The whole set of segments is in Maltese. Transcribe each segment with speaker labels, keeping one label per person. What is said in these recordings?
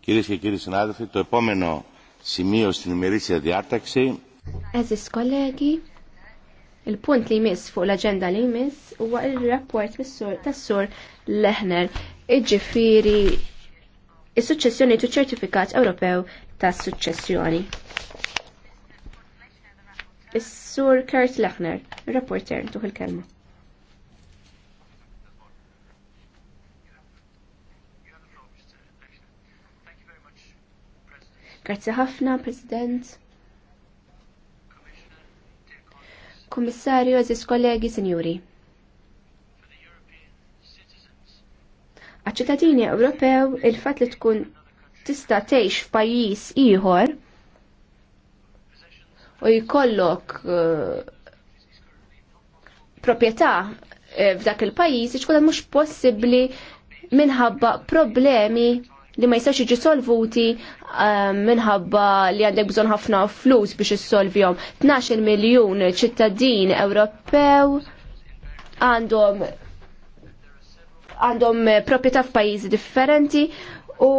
Speaker 1: Κυρίες και κύριοι συνάδελφοι, το επόμενο σημείο στην ημερήσια διάταξη.
Speaker 2: Eżis kollegi, il-punt li jmiss fuq l-agenda li jmiss huwa il-rapport tas-sur Lehner, iġifieri is-suċċessjoni tu ċertifikat Ewropew tas-suċċessjoni. Is-sur Kurt Lechner, rapporter, tuħ il-kelma. Grazzi ħafna, President. Kummissarju, eżis kollegi, senjuri. Għacċetatini Ewropew il-fat li tkun tista' tgħix f'pajjiż ieħor u jkollok eh, proprjetà eh, f'dak il-pajjiż ixkolla mhux possibbli minħabba problemi li ma jistax jiġi solvuti eh, minħabba li għandek bżonn ħafna flus biex issolvjhom. 12 miljun ċittadin Ewropew għandhom għandhom proprjetà f'pajjiżi differenti u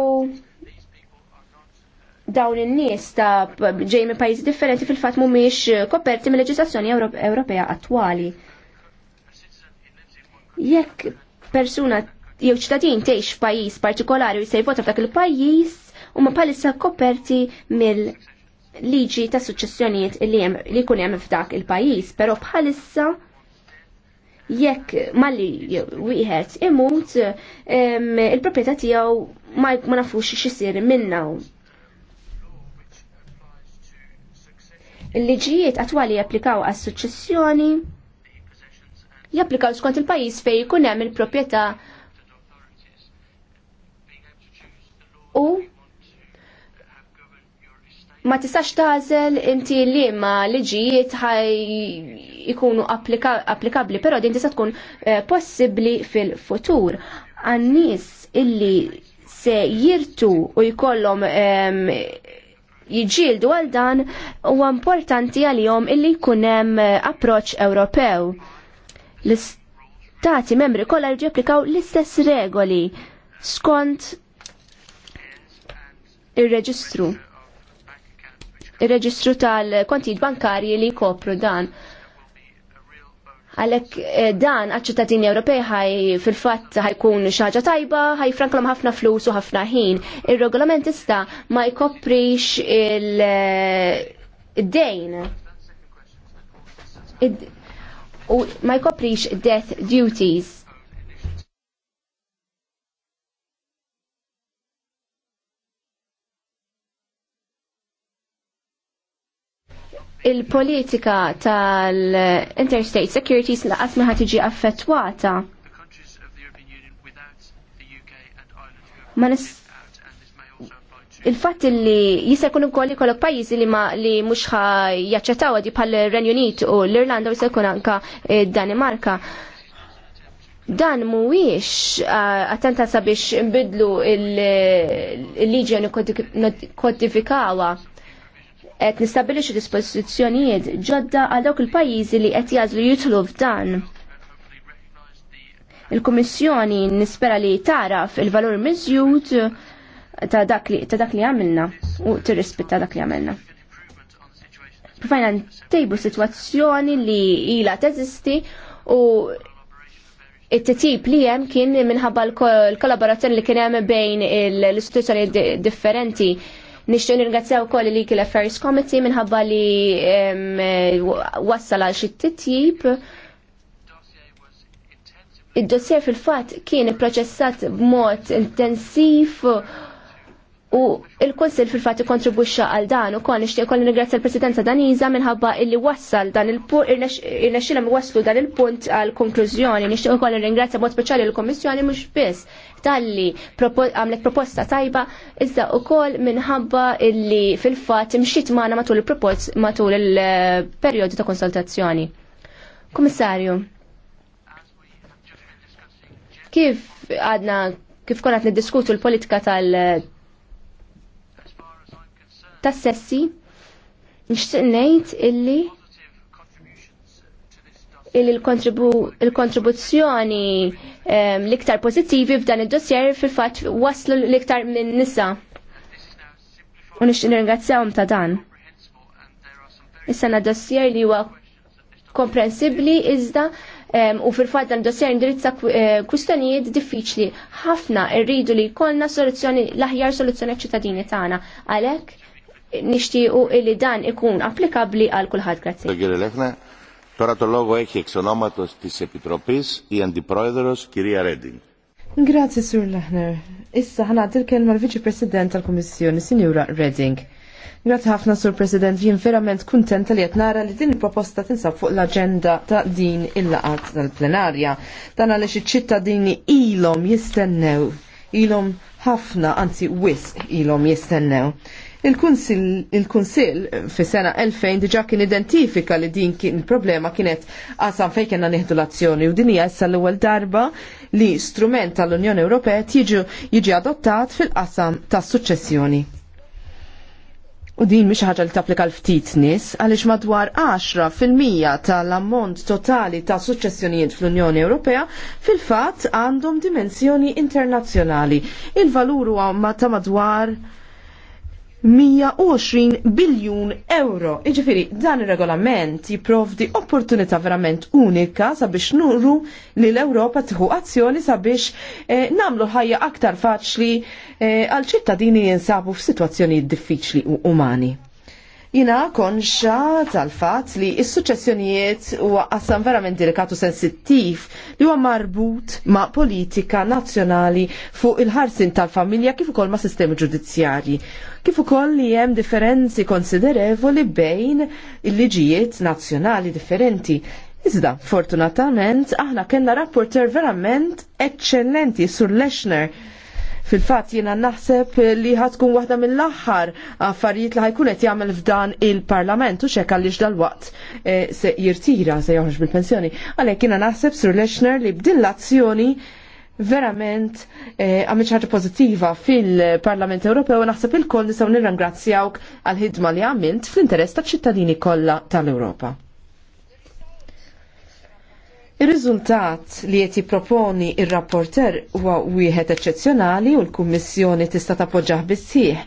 Speaker 2: dawn in-nies ta' ġej minn pajjiżi differenti fil-fatt mhumiex eh, koperti mill leġislazzjoni Ewropea attwali. Jekk persuna jew ċittadin tgħix f'pajjiż partikolari u jvota f'dak il-pajjiż huma bħalissa koperti mill-liġi ta' suċċessjonijiet li hemm li jkun hemm f'dak il-pajjiż, però bħalissa jekk malli wieħed imut il-proprjetà tiegħu ma nafux x'isir minnhom. Il-liġijiet attwali japplikaw għas suċċessjoni japplikaw skont il-pajis fej jkun hemm il-proprjetà u ma tistax tażel inti li ma liġijiet ħaj ikunu applikabli, però din tista' tkun eh, possibbli fil-futur. Għan-nies illi se jirtu u jkollhom ehm, jiġildu għal dan huwa importanti għalihom illi jkun hemm eh, approċċ Ewropew. L-istati membri kollha jiġu l-istess regoli skont ir-reġistru. Ir-reġistru tal-kontijiet bankarji li jkopru dan. Għalek eh, dan għal-ċittadini Ewropej ħaj fil-fatt ħajkun xaġa tajba, ħaj franklom ħafna flus u ħafna ħin. Il-regolament ista ma jkoprix il-dejn. Eh, ma jkoprix death duties il-politika tal-interstate securities laqas ma ħatiġi affettwata. il-fatt li jista' jkun ukoll ikollok pajjiżi li ma li mhux jaċċettaw di bħal renju Unit u l-Irlanda u se jkun anka eh, Danimarka. Dan mhuwiex eh, attenta sabiex nbidlu il-liġi kodifikawa qed nistabilixxu dispożizzjonijiet ġodda għal dawk il-pajjiżi li qed jazlu jidħlu f'dan. Il-Kummissjoni nispera li taraf il-valur miżjud ta' dak li għamilna u tirrispetta dak li għamilna. Profajna ntejbu situazzjoni li ila teżisti u it-tip li jem kien minħabba l-kollaborazzjoni li kien jem bejn l-istituzzjoni differenti Nishtu nirgazzaw wkoll li kile Affairs Committee minħabba li wassal għal xi titjib. Id-dossier fil-fatt kien ipproċessat b'mod intensiv U il-Kunsil fil-fat ikontribwixxa għal dan u kon nixtieq kolli ningrazzja l-Presidenza Daniża minħabba illi wassal dan il-punt irnexxilhom waslu dan il-punt għal konklużjoni. Nixtieq ukoll nirringrazzja mod speċjali l kummissjoni mhux biss talli għamlet proposta tajba iżda ukoll minħabba illi fil-fatt imxiet magħna matul il-propost matul il-perjodu ta' konsultazzjoni. Kummissarju, kif għadna kif konat niddiskutu l-politika tal- tas-sessi nixtieq ngħid illi illi l-kontribuzzjoni ehm, l-iktar pożittivi f'dan id-dossier fil-fatt waslu l-iktar minn nisa. U nixtieq nirringrazzjahom ta' dan. Is-sena dossier li huwa komprensibbli iżda ehm, u fil-fatt dan dossier indirizza eh, kwistjonijiet diffiċli. Ħafna rridu li jkollna soluzzjoni l-aħjar soluzzjoni ċittadini tagħna. Għalhekk nixtiequ illi dan ikun applikabbli għal kulħadd
Speaker 1: grazzi. Τώρα το λόγο έχει εξ ονόματος της Επιτροπής η Αντιπρόεδρος κυρία Redding.
Speaker 3: Grazie, Sur Lehner. Issa ħana il l-Viċi President tal-Kommissjoni, Signora Redding. Grazie ħafna, Sur President, jien verament kuntenta li qed nara li din il-proposta tinsab fuq l-aġenda ta' din il-laqat tal-plenarja. Dan għaliex iċ-ċittadini ilhom jistennew, ilhom ħafna, anzi wisq ilhom jistennew. Il-Kunsill fi sena 2000 diġa kien identifika li din kien il-problema kienet għasan fej kena nieħdu l-azzjoni u din hija issa l-ewwel darba li strument tal-Unjoni Ewropea jiġi adottat fil-qasam tas-suċċessjoni. U din mhix ħaġa li tapplika l-ftit nies għaliex madwar 10% fil-mija tal-ammont totali ta' suċċessjonijiet fl-Unjoni Ewropea fil-fatt għandhom dimensjoni internazzjonali. Il-valur huwa ta' madwar 120 biljun euro. Iġifiri, dan il-regolament jiprovdi opportunità verament unika sabiex nurru li l-Europa tħu azzjoni sabiex eh, namlu ħajja aktar faċli eh, għal eh, ċittadini jinsabu f'sitwazzjoni diffiċli u umani. Jina konxa tal-fat li s-suċessjonijiet huwa vera verament dirikatu sensittiv li huwa marbut ma' politika nazzjonali fuq il-ħarsin tal-familja kif ukoll ma' sistemi ġudizzjarji kif ukoll li hemm differenzi konsiderevoli bejn il-liġijiet nazzjonali differenti. Iżda, fortunatament, aħna kellna rapporter verament eccellenti sur Leshner Fil-fatt jiena naħseb li ħatkun waħda mill-aħħar affarijiet li ħajkun qed jagħmel f'dan il-Parlament u xekk għaliex dal-waqt eh, se jirtira se joħroġ bil-pensjoni. Għalhekk jiena naħseb Sur Lexner li b'din l-azzjoni verament eh, għamil ċaġa pozittiva fil-Parlament Ewropew u naħseb il-koll nisaw nirrangrazzjawk għal-ħidma li għamilt fl-interess ta' ċittadini kollha tal-Ewropa. Ir-riżultat li qed jipproponi ir-rapporter huwa wieħed eċċezzjonali u l-Kummissjoni tista' tappoġġjah bissieħ.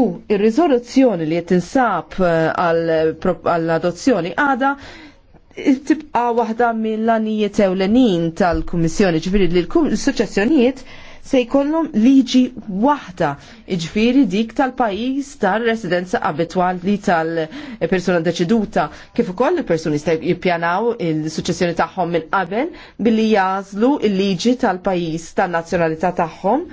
Speaker 3: U ir-riżoluzzjoni li qed tinsab eh, għall-adozzjoni għada eh, tibqa' waħda mill għanijiet ewlenin tal-Kummissjoni ġifieri li l-suċċessjonijiet se jkollhom liġi waħda, iġifieri dik tal-pajjiż tal-residenza abitwali tal-persuna deċeduta. Kif ukoll il-persuni jista' jippjanaw il-suċċessjoni tagħhom minn qabel billi jażlu il-liġi tal-pajjiż tan-nazzjonalità tagħhom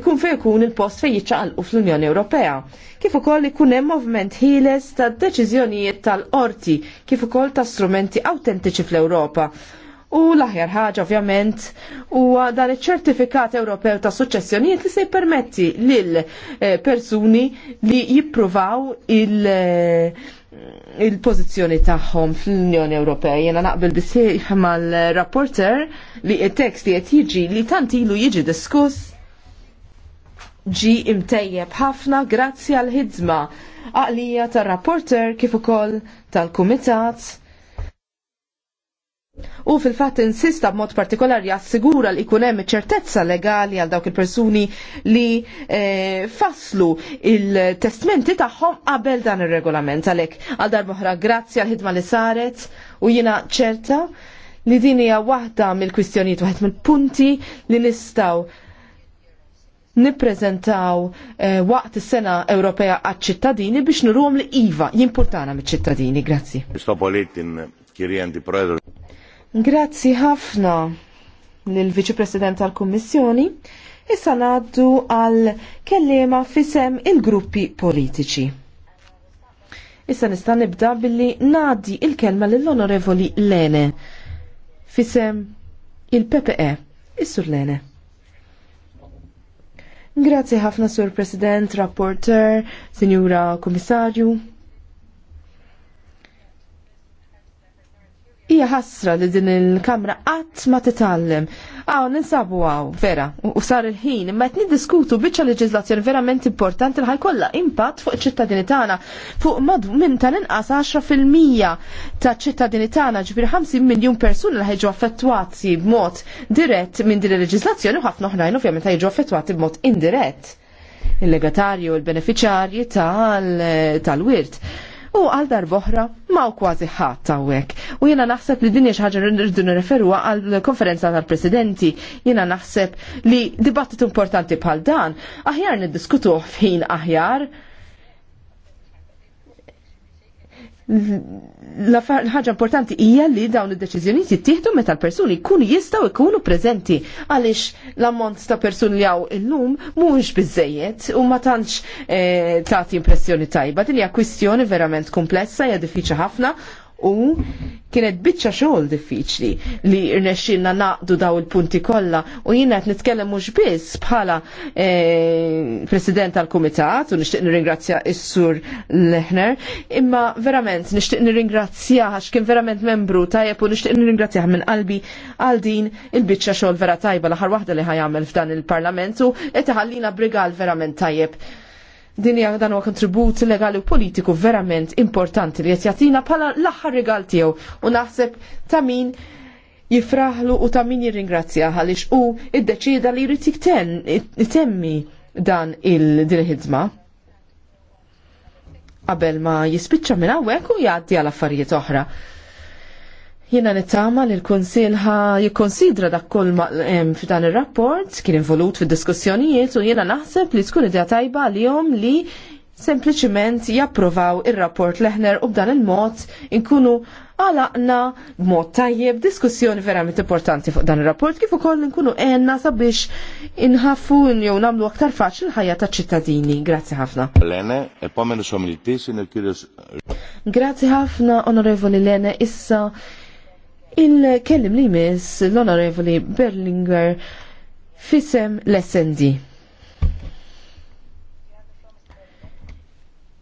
Speaker 3: ikun fejn ikun il-post fejn jiċċaqalqu fl-Unjoni Ewropea. Kif ukoll ikun hemm moviment ħieles tad-deċiżjonijiet tal-qorti, kif ukoll ta' strumenti awtentiċi fl-Ewropa U l-aħjar ħaġa ovvjament huwa dan iċ-ċertifikat Ewropew ta' suċċessjonijiet li se jippermetti lil eh, persuni li jippruvaw il- eh, il-pozizjoni tagħhom fl-Unjoni Ewropea. Jena naqbel bisejħ mal-rapporter li t tekst li qed jiġi li tant ilu jiġi diskuss ġi imtejjeb ħafna grazzi għal ħidma għalija tar-rapporter kif ukoll tal-kumitat u fil-fatt insista b'mod partikolari assigura li jkun hemm ċertezza legali għal dawk il-persuni li eh, faslu il-testmenti tagħhom qabel dan ir-regolament għalhekk għal darb'oħra grazzi għal ħidma li saret u jiena ċerta li din hija waħda mill-kwistjonijiet waħed mill-punti li nistgħu nippreżentaw eh, waqt is-sena Ewropea għaċ-ċittadini biex nurhom li iva jimportana miċ-ċittadini. Grazzi.
Speaker 1: Kristopolitin kirjendi proedru.
Speaker 3: Grazzi ħafna lill-Viċi President tal-Kummissjoni. Issa ngħaddu għal kellema fisem il-gruppi politiċi. Issa nista' nibda billi nadi il-kelma lill-Onorevoli Lene fisem il-PPE, is-Sur Lene. Grazzi ħafna Sur President, Rapporter, Signora Kommissarju. Hija ħasra li din il-kamra qatt ma titgħallem. Aw ninsabu għaw, vera, u sar il-ħin, imma qed niddiskutu biċċa leġiżlazzjoni verament importanti li ħajkollha impatt fuq iċ-ċittadini tagħna fuq minn tal-inqas 10% taċ ċittadini tagħna ġbir 50 miljun persuna li ħejġu affettwati b'mod dirett minn din il-leġiżlazzjoni u ħafna oħrajn ovvjament ħejġu affettwati b'mod indirett il-legatarju, il-beneficjarji tal-wirt. tal wirt u għal boħra ma' u kważi ħadd hawnhekk. U jiena naħseb li din hija xi ħaġa rridu nirreferuha għal konferenza tal-Presidenti. Jiena naħseb li dibattitu importanti bħal dan aħjar niddiskutuh f'ħin aħjar l-ħaġa importanti hija li dawn id-deċiżjonijiet jittieħdu meta l-persuni jkunu jistgħu jkunu preżenti għaliex l-ammont ta' persuni li hawn illum mhux biżejjed u ma tantx eh, tagħti impressjoni tajba. Din hija kwistjoni verament komplessa, hija diffiċli ħafna u kienet bitċa xogħol diffiċli li rnexxilna naqdu daw il-punti kollha u jiena qed nitkellem mhux biss bħala eh, President tal-Kumitat u nixtieq nirringrazzja is-Sur Lehner, imma verament nixtieq nirringrazzja għax kien verament membru tajjeb u nixtieq nirringrazzjah minn qalbi għal din il-biċċa xogħol vera tajba l-aħħar waħda li ħajamel f'dan il-Parlament u qed iħallina brigal verament tajjeb din hija dan huwa kontribut legali u politiku verament importanti li qed jagħtina bħala l-aħħar rigal tiegħu u naħseb ta' min jifraħlu u ta' min jirringrazzja għaliex u iddeċida li jrid itemmi dan il-din ħidma qabel ma jispiċċa minn hawnhekk u jgħaddi għal affarijiet oħra. Jiena nittama li l-Konsil ħa jikkonsidra dak fi dan ir-rapport kien involut fid-diskussjonijiet u jiena naħseb li tkun idea tajba li jom li sempliciment japprovaw ir-rapport leħner u b'dan il-mod inkunu għalaqna b'mod tajjeb diskussjoni verament importanti fuq dan ir-rapport kif ukoll nkunu għenna
Speaker 1: sabiex
Speaker 3: inħaffu jew nagħmlu aktar
Speaker 1: faċli l-ħajja taċ-ċittadini. Grazzi ħafna. Lene, e pomenu somiltis in il-kirjus.
Speaker 3: Grazzi ħafna, Onorevoli Lene, issa Il-kellim li miss l-Onorevoli Berlinger fisem l-SND.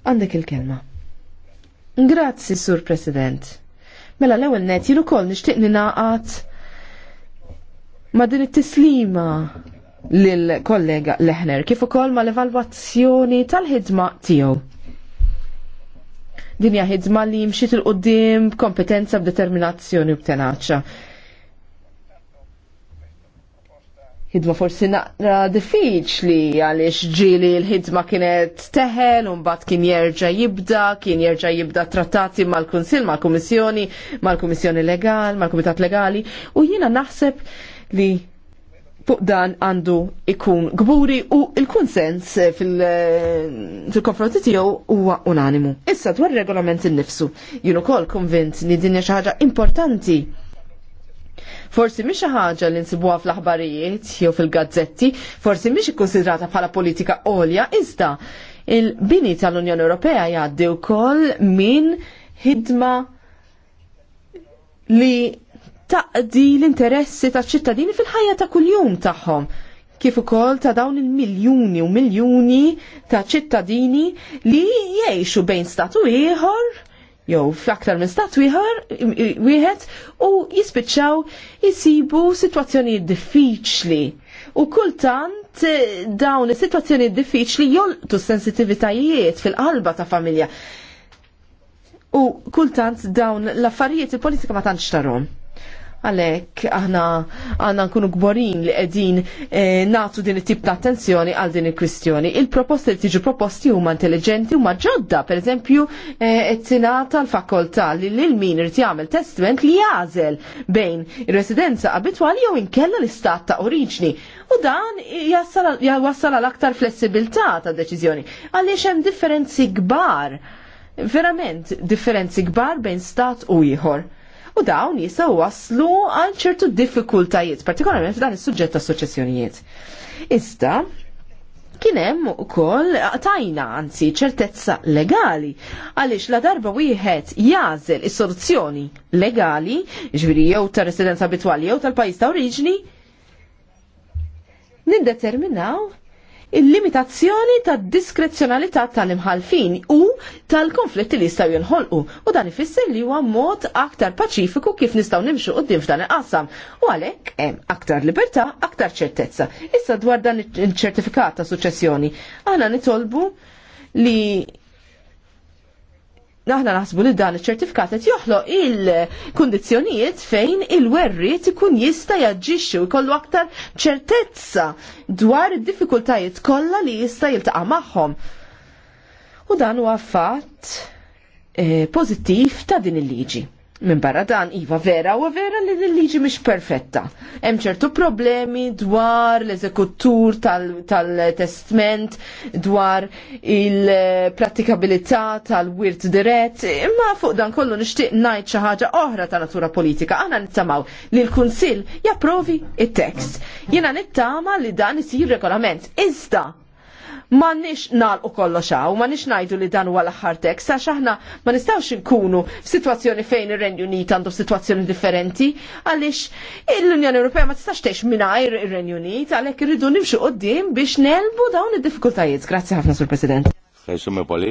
Speaker 3: Għandek il-kelma. Grazzi, Sur President. Mela l-ewel net jiru kol nishtiqni naqat ma din it-tislima lil kollega Lehner kif ukoll ma l-evalwazzjoni tal-ħidma tiegħu dinja ħidma li jimxiet il-qoddim kompetenza b'determinazzjoni u b'tenaċċa. ħidma forsi naqra diffiċli għaliex ġili l-ħidma kienet teħel, un bat kien jerġa jibda, kien jerġa jibda trattati mal-Kunsil, mal kummissjoni mal kummissjoni Legal, mal-Komitat Legali, u jina naħseb li fuq dan għandu ikun gburi u il-konsens fil-konfronti tiegħu huwa unanimu. Issa dwar regolament innifsu, jien ukoll konvint li din xi ħaġa importanti Forsi mhix xi ħaġa li nsibuha fl-aħbarijiet jew fil-gazzetti, forsi mhix ikkonsidrata bħala politika għolja, iżda il-bini tal-Unjoni Ewropea jgħaddi wkoll minn ħidma li taqdi l-interessi ta' ċittadini fil-ħajja ta' kuljum tagħhom kif ukoll ta' dawn il-miljuni u miljuni ta' ċittadini li jgħixu bejn statu ieħor jew f'aktar minn stat wieħed u jispiċċaw jisibu sitwazzjonijiet diffiċli. U kultant eh, dawn is-sitwazzjonijiet diffiċli jolqtu sensitivitajiet fil-qalba ta' familja. U kultant dawn l-affarijiet il-politika ma tantx tarhom. Għalek, aħna għanna nkunu gborin li għedin eh, natu din it-tip ta' attenzjoni għal din il-kwistjoni. Il-proposti li tiġu proposti huma intelligenti huma ġodda, per eżempju, eh, ettinata l-fakoltà li l-min irid jagħmel testament li jażel bejn ir-residenza abitwali jew inkella l-istat ta' oriġni. U dan jassal l aktar flessibilità ta' deċiżjoni. Għaliex hemm differenzi kbar, verament differenzi kbar bejn stat u ieħor u dawn jisaw waslu għal ċertu diffikultajiet, partikolarment f'dan is-suġġett ta' soċessjonijiet. Issa kienem u koll tajna anzi ċertezza legali għalix la darba wieħed jażel is-soluzzjoni legali ġviri jew ta' residenza abitwali jew tal-pajis ta' oriġni nindeterminaw il-limitazzjoni tad diskrezzjonalità tal-imħalfin u tal-konflitti li jistgħu jinħolqu u dan ifisser li huwa mod aktar paċifiku kif nistgħu nimxu qudiem f'dan il-qasam u għalhekk hemm aktar libertà, aktar ċertezza. Issa dwar dan iċ-ċertifikat ta' suċċessjoni. Aħna nitolbu li Naħna naħsbu li dan iċ-ċertifikat qed joħloq il-kundizzjonijiet fejn il-werriet ikun jista' jaġġixxi u jkollu aktar ċertezza dwar id-diffikultajiet kollha li jista' jiltaqa' magħhom. U dan huwa fatt eh, pożittiv ta' din il-liġi. Minn barra dan, iva vera u vera li l-liġi mhix perfetta. Hemm ċertu problemi dwar l-eżekuttur tal-testment, tal dwar il-prattikabilità tal-wirt dirett, imma fuq dan kollu nixtieq ngħid xi ħaġa oħra ta' natura politika. Aħna nittamaw li l-Kunsill japprovi it text Jiena nittama li dan isir regolament. Iżda ma nix u kollox għaw, ma nix ngħidu li dan huwa l-aħħar tekst, għax aħna ma nistawx inkunu f'sitwazzjoni fejn ir-Renju Unit għandu situazzjoni differenti, għaliex l-Unjoni Ewropea ma tistax tgħix mingħajr ir-Renju Unit, għalhekk irridu nimxu qudiem biex nelbu dawn id-diffikultajiet. Grazzi
Speaker 1: ħafna sur President. Għajsumme poli.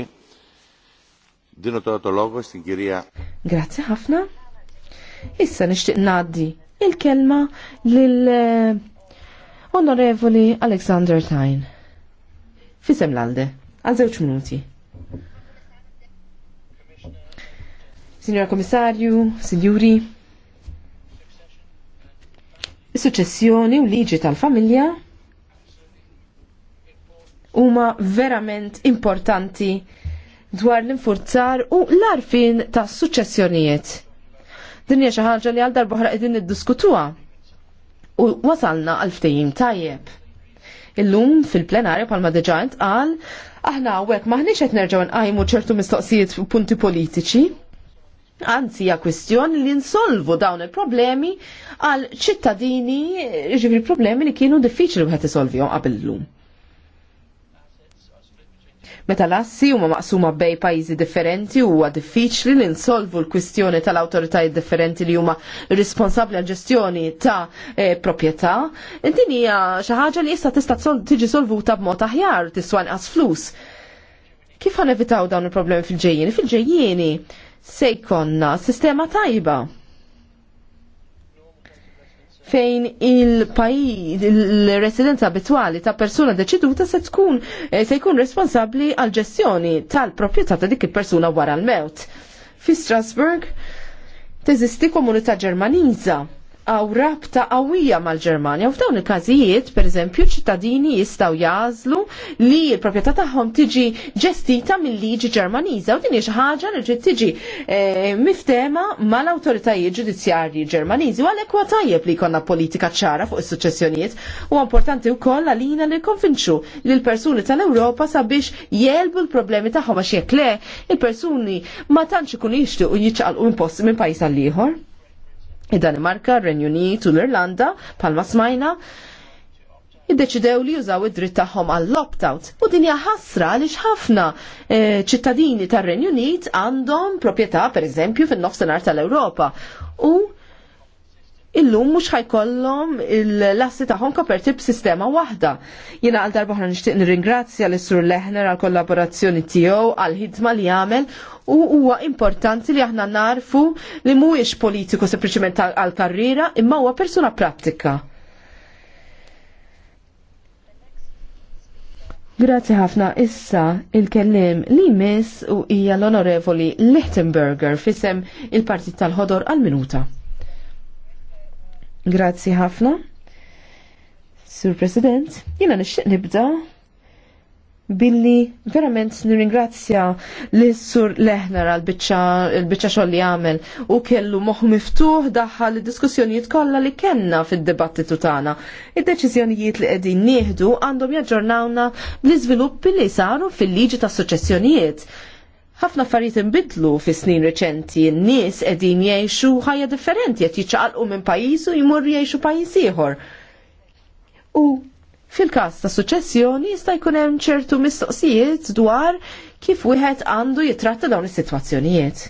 Speaker 1: Dinu toħto logo, stinkirija.
Speaker 3: Grazzi ħafna. Issa nixtieq naddi il-kelma lil eh, Onorevoli Alexander Tyne. Fisem l-alde, għal żewġ minuti. Signora Komissarju, Signuri, suċessjoni u liġi tal-familja huma verament importanti dwar l-infurzar u l-arfin ta' suċessjonijiet. Din xi ħaġa li għal darba qegħdin niddiskutuha u wasalna għal ftehim tajjeb. Illum fil-plenarju palma deġant għal aħna għawek maħniċ qed nerġgħu nqajmu ċertu mistoqsijiet punti politiċi. Anzi, hija kwistjoni li nsolvu dawn il-problemi għal ċittadini, ġivri problemi li kienu diffiċli wieħed isolvihom qabel għabillum. Meta lassi huma maqsuma bej pajjiżi differenti huwa diffiċli li nsolvu l-kwistjoni tal-awtoritajiet differenti li huma responsabbli għal ġestjoni ta' e, proprjetà. Din hija xi ħaġa li issa tista' tiġi solvuta b'mod aħjar tiswa inqas flus. Kif ħanevitaw dawn il-problemi fil-ġejjieni? Fil-ġejjieni se jkollna sistema tajba fejn il-pajjiż il-residenza abitwali ta' persuna deċiduta se tkun eh, se jkun responsabbli għal ġestjoni tal-proprjetà ta' dik il-persuna wara l-mewt. Fi Strasburg teżisti komunità Ġermaniża għaw rabta qawwija mal-Ġermanja u f'dawn il-każijiet, pereżempju, ċittadini jistgħu jażlu li l-proprjetà tagħhom tiġi ġestita mill-liġi Ġermaniża u din hija ħaġa li ġiet tiġi eh, miftema mal-awtoritajiet ġudizzjarji Ġermaniżi u għalhekk huwa tajjeb li jkollna politika ċara fuq is-suċċessjonijiet u importanti wkoll għalina li konfinċu li l-persuni tal-Ewropa sabiex jelbu l-problemi tagħhom għax jekk le il-persuni ma tantx ikun jixtiequ jiċċaqalqu impost minn pajjiż għal ieħor id-Danimarka, r-Renju Unit u l-Irlanda, palma smajna, iddeċidew li jużaw id-dritt tagħhom għall opt-out. U din hija ħasra għaliex ħafna eh, ċittadini tar-Renju Unit għandhom proprjetà pereżempju fin-nofsinhar tal-Ewropa u illum mhux ħajkollhom l-assi tagħhom koperti b'sistema waħda. Jiena għal darba ħra nixtieq nirringrazzja l sur Leħner għal kollaborazzjoni tiegħu għal ħidma li għamel u huwa importanti li aħna narfu li mhuwiex politiku sempliċement għal karriera imma huwa persuna prattika. Grazzi ħafna issa il-kellim li miss u hija l-onorevoli Lichtenberger fisem il-Partit tal-ħodor għal-minuta. Grazzi ħafna. Sur President, jina nixtieq nibda billi verament nirringrazzja li sur Leħner għal biċċa xogħol li għamel u kellu moħħ miftuħ daħħa li diskussjonijiet kollha li kellna fid-dibattitu tagħna. Id-deċiżjonijiet li qegħdin nieħdu għandhom jaġġornawna bl iżviluppi li saru fil-liġi tas-suċċessjonijiet ħafna affarijiet inbidlu fi snin reċenti, n-nies qegħdin jgħixu ħajja differenti qed jiċċaqalqu minn pajjiż u jmorru jgħixu pajjiż ieħor. U fil-każ ta' suċċessjoni jista' jkun hemm ċertu mistoqsijiet dwar kif wieħed għandu jitratta dawn is-sitwazzjonijiet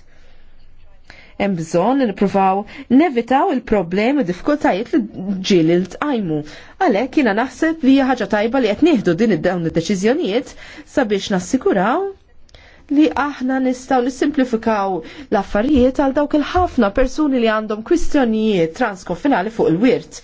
Speaker 3: hemm bżonn nippruvaw nevitaw il-problemi u diffikultajiet li ġieli l tqajmu. Għalhekk jiena naħseb li hija ħaġa tajba li qed nieħdu din id-dawn id-deċiżjonijiet sabiex nassikuraw li aħna nistaw nisimplifikaw l-affarijiet għal dawk il-ħafna persuni li għandhom kwistjonijiet transkonfinali fuq il-wirt.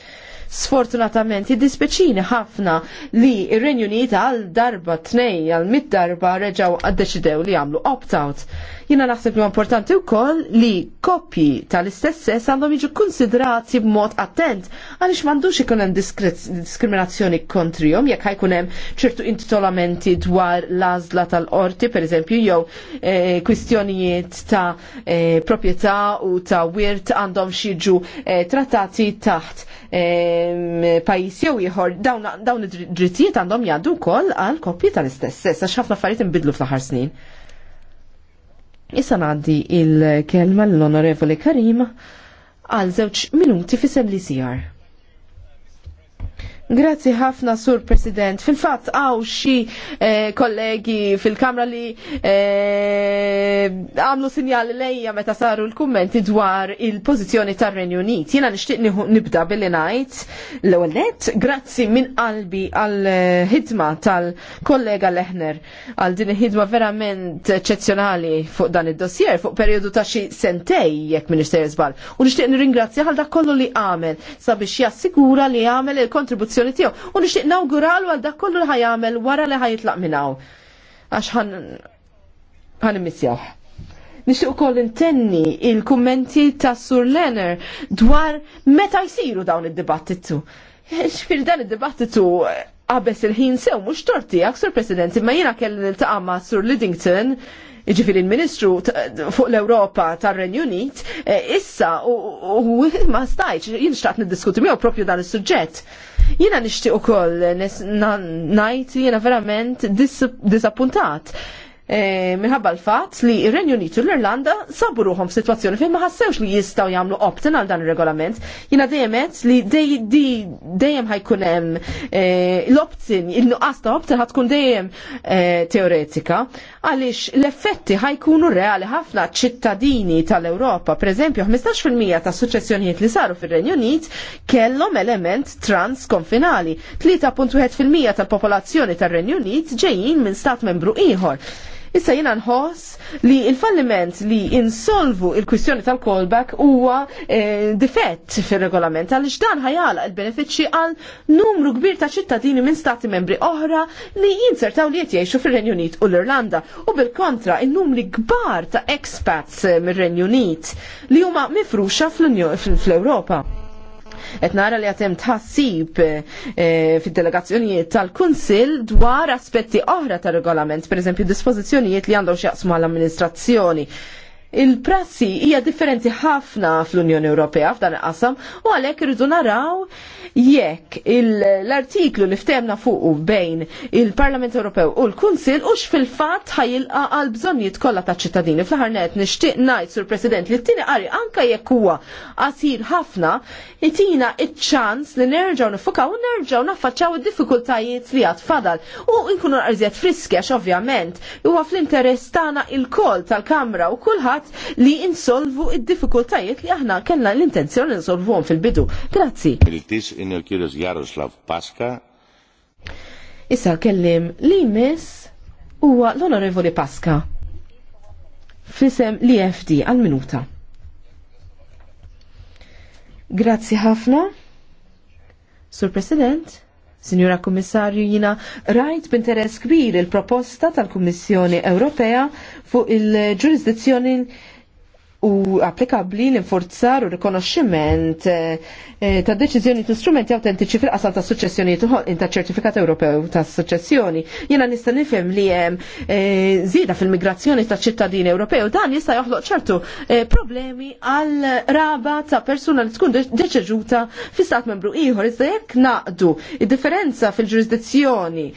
Speaker 3: Sfortunatament, jiddispeċini ħafna li ir-Renju Unit għal darba tnej għal mid-darba reġaw għaddeċidew li għamlu opt-out. Jina naħseb li importanti wkoll li koppji tal-istess sess għandhom jiġu konsidrati b'mod attent għaliex m'għandux ikun hemm diskriminazzjoni kontrihom jekk ħajkun hemm ċertu intitolamenti dwar l-għażla tal-qorti pereżempju jew eh, kwistjonijiet ta' eh, proprjetà u ta' wirt għandhom xiġu eh, trattati taħt pajjiż jew ieħor dawn id-drittijiet għandhom jgħaddu wkoll għal koppji tal-istess sess għax ħafna affarijiet inbidlu fl-aħħar snin. Issa naddi il-kelma l-Onorevoli Karim għal żewġ minuti fi li sijar. Grazzi ħafna, Sur President. Fil-fatt, għaw xi eh, kollegi fil-Kamra li eh, għamlu sinjali lejja meta saru l-kummenti dwar il-pozizjoni tar renju Unit. Jena nishtiq nibda billi najt l-ewwel nett, grazzi minn qalbi għall-ħidma eh, tal-kollega Lehner għal din il ħidma verament eċċezzjonali fuq dan id-dossier fuq perjodu ta' xi sentej jekk Minister Żbal. U nixtieq nirringrazzja għal dak kollu li għamel sabiex jassigura li għamel il-kontribuzzjoni l-pożizzjoni tiegħu u nixtieq nawguralu għal dak kollu li ħajamel wara li ħajtlaq minn hawn. Għax ħan ħan immissjaw. Nixtieq ukoll intenni il-kummenti ta' Sur Lenner dwar meta jsiru dawn id-dibattitu. Xfir dan id-dibattitu qabes il-ħin sew mhux torti, Sur President, imma jiena kelli niltaqa' ma' Sur Lidington ġifiri il-Ministru fuq l-Europa tar-Renju Unit, eh, issa u ma stajċ, jien xtaqt niddiskuti miegħu propju dan is-suġġett. Jiena nixtieq ukoll ngħid jiena verament disappuntat Eh, minħabba l-fatt li ir-Renju Unitu l-Irlanda sabu ruhom f'sitwazzjoni fejn ma ħassewx li jistgħu jagħmlu opt-in għal dan ir-regolament. Jiena dejjem li dejjem ħajkun hemm eh, l-opt-in, il-nuqqas ta' opt-in ħatkun dejjem eh, teoretika għaliex l-effetti ħajkunu reali ħafna ċittadini tal-Ewropa. Pereżempju, 15% ta' suċċessjonijiet li saru fir-Renju Unit kellhom element transkonfinali. 3.1% tal-popolazzjoni tar-Renju Unit ġejjin minn stat membru ieħor. Issa jina nħoss li il-falliment li insolvu il-kwistjoni tal-callback huwa eh, difett fil-regolament għal dan ħajala il-benefiċċji għal numru kbir ta' ċittadini minn stati membri oħra li jinsertaw li jtjiexu fil-Renju Unit u l-Irlanda u bil-kontra il-numri kbar ta' expats eh, mir-Renju Unit li huma mifruxa fl-Europa qed nara li għatem tħassib eh, fid-delegazzjonijiet tal-Kunsill dwar aspetti oħra tar regolament, pereżempju dispozizjonijiet li għandhom xieqsmu għall-amministrazzjoni il-prassi hija differenti ħafna fl-Unjoni Ewropea f'dan il-qasam u għalhekk irridu naraw jekk l-artiklu li ftemna fuqu bejn il-Parlament Ewropew u l-Kunsil u fil-fatt ħajilqa għal bżonnijiet kollha taċ ċittadini fl net nixtieq ngħid sur President li t-tieni qari anke jekk huwa qasir ħafna itina iċ-ċans li nerġgħu nifukaw u nerġgħu naffaċċaw id-diffikultajiet li għad fadal u nkunu arżiet friski għax ovvjament huwa fl-interess tagħna il koll tal-Kamra u kulħadd b'mod li insolvu id-diffikultajiet li aħna kellna l-intenzjoni insolvuhom fil-bidu. Grazzi.
Speaker 1: Jaroslav Paska.
Speaker 3: Issa kellim li miss huwa l-Onorevoli Paska. Fisem li FD għal-minuta. Grazzi ħafna. Sur President. Signora Kommissarju, jina rajt b'interess kbir il-proposta tal-Kummissjoni Ewropea fuq il-ġurisdizzjoni u applikabli l inforzar u rikonoxximent eh, eh, ta' deċiżjoni ta' strumenti autentiċi fil-qasam ta' suċessjoni ta' ċertifikat Ewropew ta' suċessjoni. Jena nista' nifhem li hemm eh, żieda fil-migrazzjoni ta' ċittadini Ewropew dan jista' joħloq ċertu problemi għal raba ta' persuna li tkun deċeġuta fi stat membru ieħor iżda jekk naqdu id-differenza fil-ġurisdizzjoni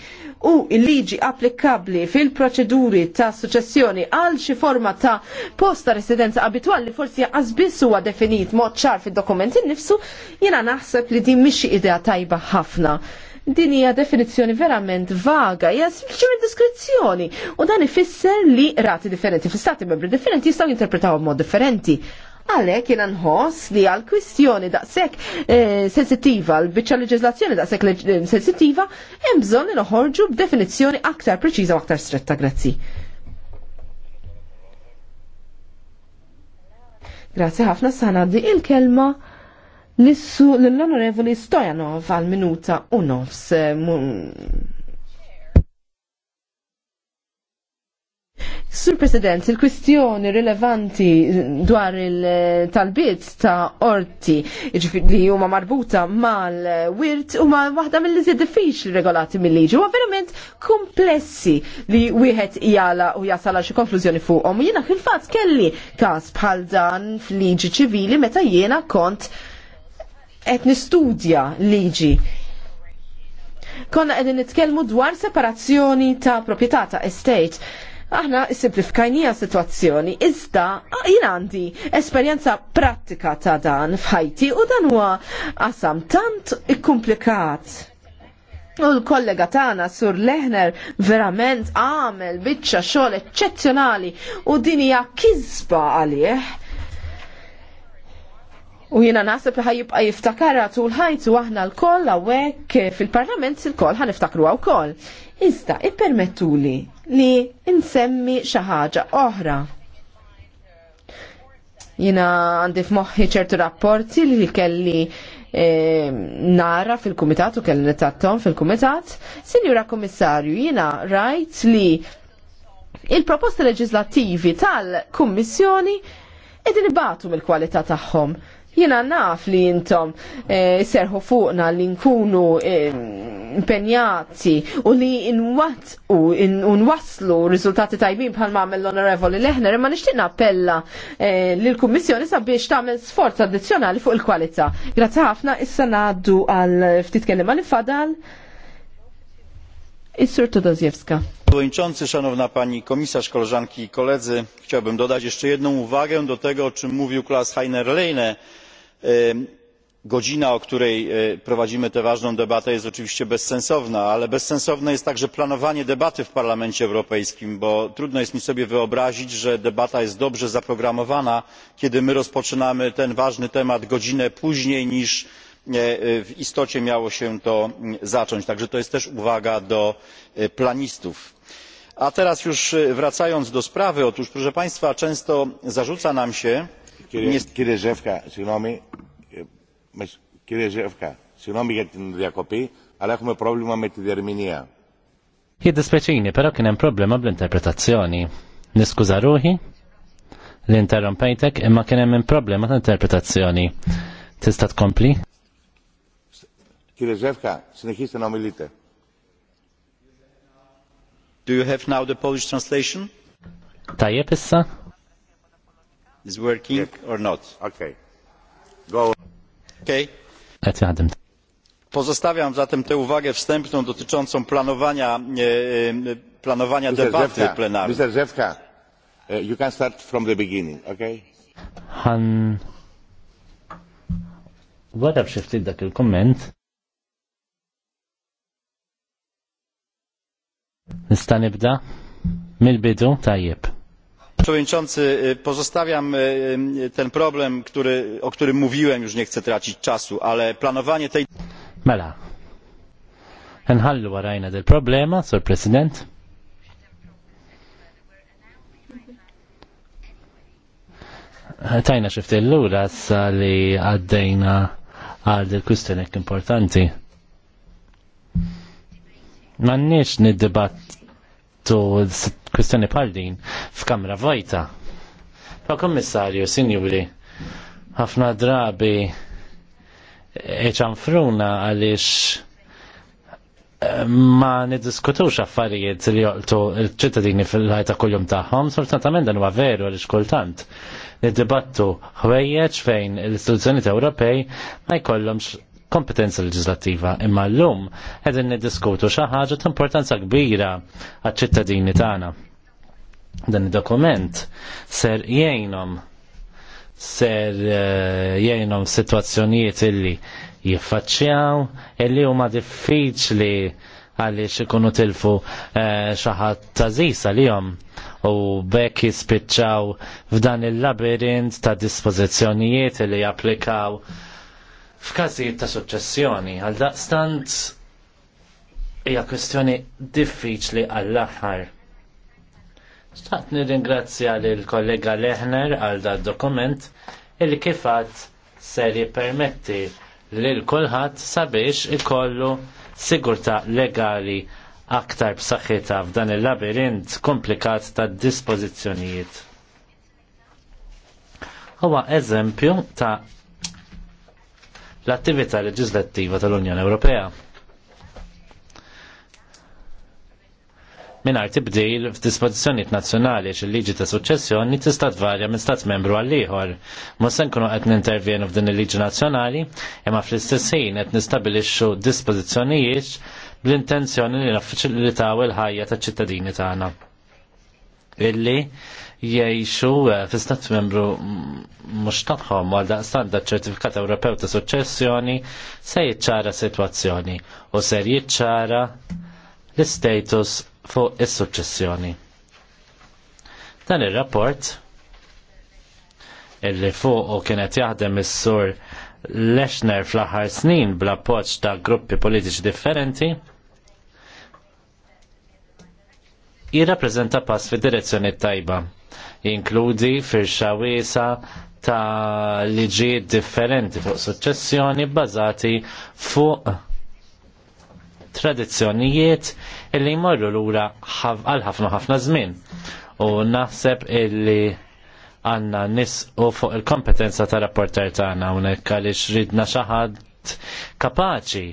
Speaker 3: u il-liġi applikabli fil-proċeduri ta' suċessjoni għal xi forma ta' posta residenza abitwali forsi għazbis huwa definit mod ċar fil-dokument innifsu, jiena naħseb li din mhix idea tajba ħafna din hija definizzjoni verament vaga, hija sempliċement diskrizzjoni. U dan ifisser li rati differenti fl-istati membri differenti jistgħu jinterpretaw b'mod differenti. Għalhekk jiena nħoss li għal kwistjoni daqshekk eh, sensittiva, l-biċċa leġislazzjoni daqshekk eh, sensittiva, hemm bżonn li noħorġu b'definizzjoni aktar preċiża u aktar stretta. Grazzi. Grazzi ħafna sana di il-kelma l-onorevoli Stojanov għal minuta u nofs eh, Sur President, il-kwistjoni rilevanti dwar il-talbiet ta' orti li huma marbuta mal-wirt huma waħda mill iżjed diffiċli regolati mill-liġi. Huwa verament komplessi li wieħed jala u jasal xi konklużjoni fuqhom. Jiena fil-fatt kelli każ bħal dan fil-liġi ċivili meta jiena kont qed nistudja liġi konna qegħdin nitkellmu dwar separazzjoni ta' proprjetà ta' estate aħna simplifikajnija situazzjoni, iżda jien għandi esperjenza pratika ta' dan fħajti u dan huwa qasam tant ikkumplikat. U l-kollega tagħna Sur Lehner verament għamel biċċa xogħol eċċezzjonali u din hija kisba għalih. U jina nasib li ħajibqa jiftakara tul ħajtu aħna l-koll għawek fil-parlament il-koll ħaniftakru għaw koll. Iżda, ippermettuli li insemmi xi ħaġa oħra. Jina għandi f'moħħi ċertu rapporti li kelli E, nara fil-kumitat u kelli nittattom fil-kumitat. Sinjura Kommissarju, jina rajt li il proposti leġislativi tal-Kummissjoni edin ibatu mill-kwalità tagħhom jina naf li jintom e, serħu fuqna li nkunu eh, impenjati u li nwat u nwaslu rizultati tajbin bħal ma għamil l-onorevoli leħner imma nixtieq appella eh, li l-Kummissjoni sabiex tagħmel sforz addizzjonali fuq il-kwalità. Grazzi ħafna issa ngħaddu għal ftit kellima li fadal. Is-Sur Todozjewska.
Speaker 4: Przewodniczący, szanowna pani komisarz, koleżanki i koledzy, chciałbym dodać jeszcze jedną uwagę do tego, o czym mówił Klaus Heiner-Lehne godzina o której e, prowadzimy tę ważną debatę jest oczywiście bezsensowna ale bezsensowne jest także planowanie debaty w parlamencie europejskim bo trudno jest mi sobie wyobrazić że debata jest dobrze zaprogramowana kiedy my rozpoczynamy ten ważny temat godzinę później niż e, e, w istocie miało się to zacząć. także to jest też uwaga do planistów. a teraz już wracając do sprawy otóż proszę państwa często zarzuca nam się Κύριε Ζεύκα, συγγνώμη,
Speaker 1: κύριε Ζεύκα, συγγνώμη για την διακοπή, αλλά έχουμε πρόβλημα με τη διερμηνία.
Speaker 5: Jiddispjaċini, però kien hemm problema bl-interpretazzjoni. Niskuża ruħi li interrompejtek imma kien problema ta' interpretazzjoni. Tista' tkompli?
Speaker 1: Κύριε Ζεύκα, συνεχίστε να ομιλείτε.
Speaker 4: Do you have now the Polish translation?
Speaker 5: Tajjeb issa?
Speaker 4: is working yeah. or not. Okay. Go. Okay. That's Adam. Pozostawiam zatem tę uwagę wstępną dotyczącą planowania, e, e, planowania Mr. debaty plenarnej. Mr. Zewka, e, you can start from the beginning, okay?
Speaker 5: Han... Wada ftit dak il-komment. Nista' nibda mill-bidu tajjeb
Speaker 4: panie Przewodniczący, pozostawiam ten problem, o którym mówiłem, już nie chcę tracić czasu, ale planowanie tej... Mela,
Speaker 5: nħallu warajna del problema, Sur President. Tajna xift l-lura li għaddejna għal del kustenek importanti. Mannix nid-dibattu kwistjoni bħal din f'kamra vojta. Pa kommissarju, sinjuri, ħafna drabi eċanfruna għaliex eh, ma nidiskutux affarijiet li joqtu il-ċittadini fil-ħajta kull-jum taħħom, soltantament dan huwa veru għaliex kultant. Nid-dibattu ħwejjeġ fejn l-istituzzjoni Ewropej ma jkollhomx kompetenza leġislattiva imma l-lum għedin niddiskutu xi ħaġa ta' importanza kbira għal ċittadini tagħna. Dan id-dokument ser jgħinhom ser eh, jgħinhom situazzjonijiet illi jiffaċċjaw illi huma diffiċli għaliex ikunu tilfu eh, xaħat tażis għalihom u bekk jispiċċaw f'dan il-labirint ta' dispożizzjonijiet li japplikaw f'każijiet ta' suċċessjoni. Għal daqstant hija kwestjoni diffiċli għall-aħħar nir nirringrazzja lill kollega Lehner għal dal dokument il kifat ser jippermetti lil kulħadd sabiex ikollu sigurtà legali aktar b'saħħitha f'dan il-labirint komplikat ta' dispożizzjonijiet. Huwa eżempju ta' l-attività leġislattiva tal-Unjoni Ewropea. mingħajr tibdil f'dispożizzjonijiet nazzjonali xil-liġi ta' suċċessjoni tista' tvarja minn stat membru għal ieħor. Mhux se nkunu qed nintervjenu f'din il-liġi nazzjonali, imma fl-istess ħin qed nistabilixxu dispożizzjonijiet bl-intenzjoni li naffaċilitaw il-ħajja taċ ċittadini tagħna. Illi jgħixu eh, fl stat membru mhux tagħhom għal daqstant ċertifikat Ewropew ta' suċċessjoni se jiċċara s-sitwazzjoni u ser jiċċara l-status fuq is-suċċessjoni. Dan ir-rapport illi fuq u kienet jaħdem is-sur Lexner fl-aħħar snin bla poċ ta' gruppi politiċi differenti jirrappreżenta pass fi direzzjoni tajba, jinkludi xawisa ta' liġijiet differenti fuq suċċessjoni bbażati fuq tradizzjonijiet illi jmorru lura għal ħafna ħafna żmien. U naħseb illi għanna nis u fuq il-kompetenza ta' rapporter tagħna hawnhekk għaliex ridna xi ħadd kapaċi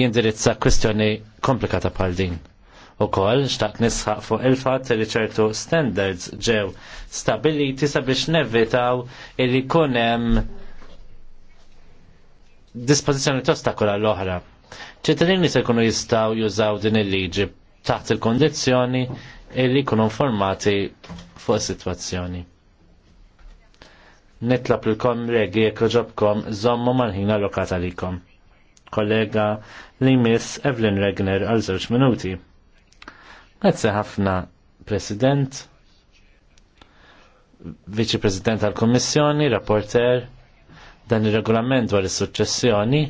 Speaker 5: jindirizza kwistjoni komplikata bħal din. U koll, xtaqt nisħaq fuq il-fat li ċertu standards ġew stabiliti sabiex nevitaw illi kunem dispozizjoni tostakola l-oħra ċittadini se jkunu jistgħu jużaw din il-liġi taħt il-kondizzjoni illi jkunu informati fuq is-sitwazzjoni. pil lilkom regi jekk ġobkom żommu mal-ħin allokata likom. Kollega li miss Evelyn Regner għal żewġ minuti. Grazzi ħafna, President, Viċi President tal-Kommissjoni, Rapporter, dan ir regolament dwar is-suċċessjoni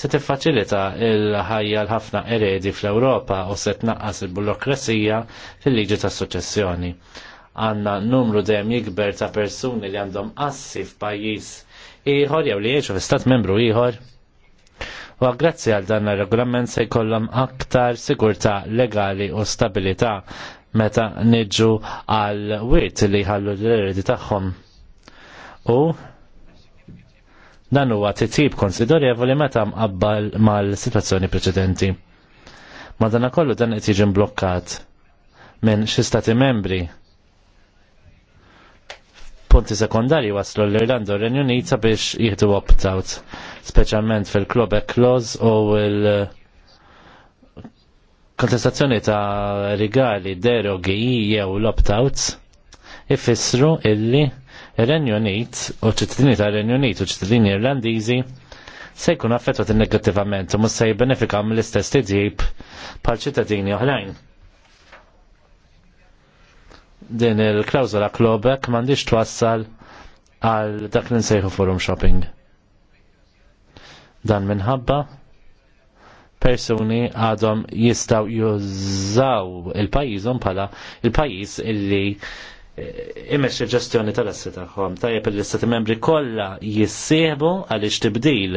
Speaker 5: se tiffaċilita il-ħajja l-ħafna eredi fl-Ewropa u se tnaqqas il-burokrazija fil-liġi ta' suċessjoni. Għanna numru dejjem jikber ta' persuni li għandhom assi f'pajjiż ieħor jew li jgħixu f'istat membru ieħor. U grazzi għal dan il regolament se jkollhom aktar sigurtà legali u stabilità meta niġu għal wirt li ħallu l-eredi tagħhom. U Dan huwa titjib konsiderjevoli meta mqabbal mal-sitwazzjoni preċedenti. Madana kollu dan qed jiġi mblokkat minn xi stati membri punti sekondari waslu l-Irlanda u Renju Unit sabiex jieħdu opt-out, speċjalment fil-Club Clause u l kontestazzjoni ta' rigali, derogi jew l-opt-outs ifissru illi ir-Renju Unit u ċittadini ta' renju Unit u ċittadini Irlandiżi se jkun affettwat negattivament u mhux se jibbenefika mill-istess tidjib pal ċittadini oħrajn. Din il klawzola klobek m'għandix twassal għal dak li nsejħu forum shopping. Dan minħabba persuni għadhom jistaw jużaw il-pajizom pala il-pajiz illi imexxi ġestjoni tal-assi taħħom, Tajjeb l-istati membri kollha jissieħbu għaliex tibdil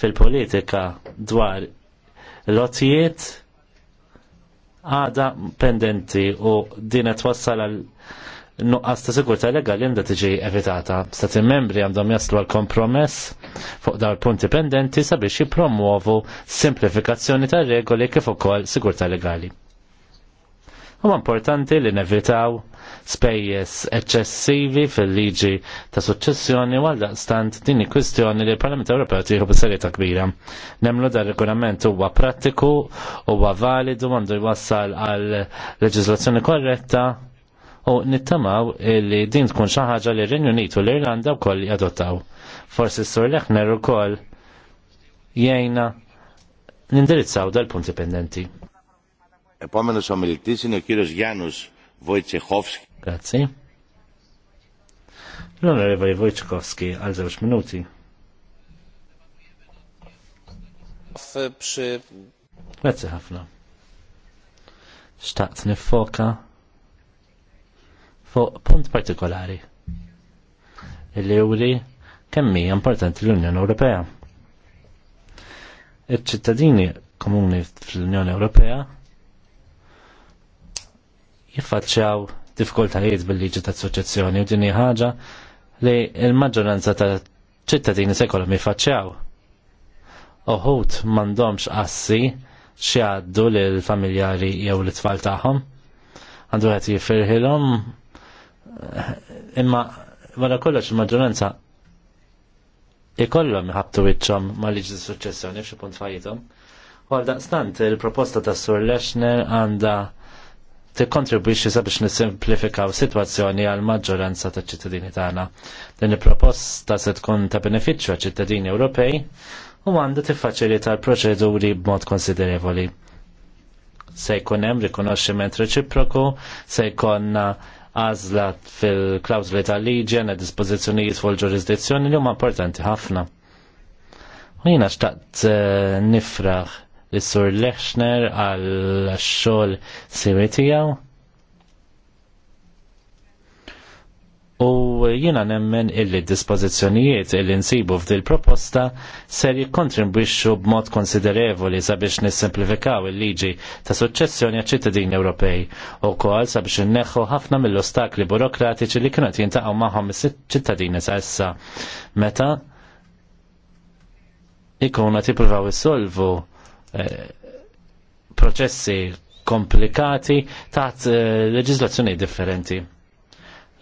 Speaker 5: fil-politika dwar lotijiet għada pendenti u din qed wassal għal nuqqas ta' sigurta legali għandha tiġi evitata. Stati membri għandhom jaslu għal kompromess fuq dawn punti pendenti sabiex jippromuovu simplifikazzjoni tar regoli kif ukoll sigurta legali. Huwa importanti li nevitaw spejjeż eċċessivi fil-liġi ta' suċċessjoni għal daqstant din kwistjoni li l-Parlament Ewropew tieħu b'serjetà kbira. Nemlu dar regolament huwa prattiku, huwa validu għandu jwassal għal leġiżlazzjoni korretta u nittamaw li din tkun xi ħaġa li r-Renju Unitu l-Irlanda wkoll jadottaw. Forsi s-sur leħner ukoll jgħina nindirizzaw dal-punti
Speaker 1: pendenti. Επόμενος ομιλητής είναι ο κύριος Γιάννους Βοητσεχόφσκι.
Speaker 5: Grazie. L-Onorevoli Wojciechowski għal żewġ minuti. Grazzi ħafna. Xtaqt nifoka fuq punt partikolari. Il-li kemm hija importanti l-Unjoni Ewropea. Iċ-ċittadini komuni fl-Unjoni Ewropea jiffaċċjaw diffikultajiet bil-liġi ta' soċezzjoni u din ħaġa li il-maġġoranza ta' ċittadini mi jifacċjaw. Uħut mandomx assi xjaddu li l-familjari jew l-tfal tagħhom. Għandu għet jifirħilom imma wara kollox il-maġġoranza ikollhom iħabtu wiċċhom ma' liġi suċċessjoni f'xi punt fajithom. Għal stant il-proposta ta' Sur Lexner għandha tikkontribwixxi sabiex nisimplifikaw sitwazzjoni għal maġġoranza taċ ċittadini tagħna. Din il-proposta se tkun ta' benefiċċju għal ċittadini Ewropej u għandu tiffaċilita l-proċeduri b'mod konsiderevoli. Se jkun hemm rikonoxximent reċiproku, se jkun għażla fil-klawżli tal-liġi għandha dispożizzjonijiet fuq il-ġurisdizzjoni li huma importanti ħafna. U jiena xtaqt eh, nifraħ l-Sur Lechner għal xol simetijaw. U jina nemmen illi dispozizjonijiet illi nsibu f'dil proposta ser jikontribwixxu b'mod konsiderevoli sabiex nissimplifikaw il-liġi ta' suċċessjoni għal ċittadini Ewropej u kol sabiex inneħħu ħafna mill-ostakli burokratiċi li kienu jintaqgħu magħhom is-ċittadini sa' issa meta ikuna tippruvaw issolvu Eh, proċessi komplikati taħt eh, leġislazzjoni differenti.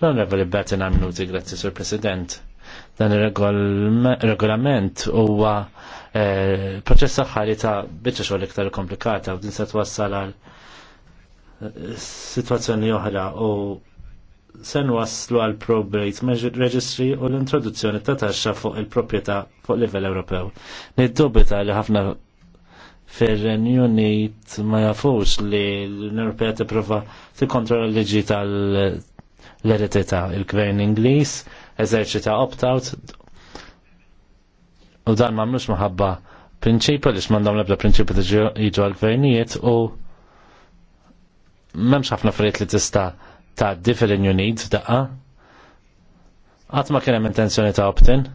Speaker 5: L-Onorevoli Bertin Amnuti, grazzi Sur President. Dan il-regolament huwa eh, proċess aħħari ta' biċċa xogħol iktar komplikata u din se twassal għal situazzjoni oħra u se waslu għal probate registry u l-introduzzjoni ta' taxxa fuq il-proprjetà fuq livell Ewropew. Niddubita li ħafna fir-Renju Unit ma jafux li l-Unjoni Ewropea tipprova tikkontrolla l-liġi tal-eredità. Il-Gvern Inglis, eżerċita opt-out u dan mnux maħabba prinċipa li x'mandhom l prinċipa t iġu għal-gvernijiet u m'hemmx ħafna frejt li tista' ta' fir-Renju Unit f'daqqa. Qatt ma kien hemm intenzjoni ta' opt-in